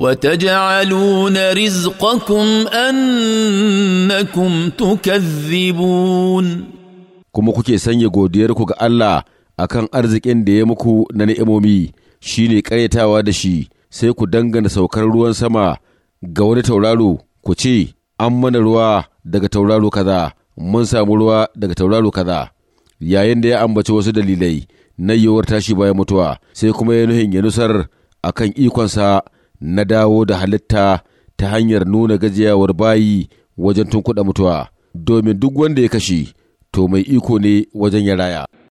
وتجعلون رزقكم أنكم تكذبون kuma kuke sanya godiyarku ga Allah akan arzikin da ya muku na ni'imomi shi ne da shi sai ku dangana saukar ruwan sama ga wani tauraro ku ce an mana ruwa daga tauraro kaza mun samu ruwa daga tauraro kaza yayin da ya ambaci wasu dalilai na yiwuwar tashi bayan mutuwa sai kuma ya nuhin ya nusar akan ikonsa na dawo da halitta ta hanyar nuna gajiyawar bayi wajen tunkuɗa mutuwa, domin duk wanda ya kashe, to mai iko ne wajen ya raya.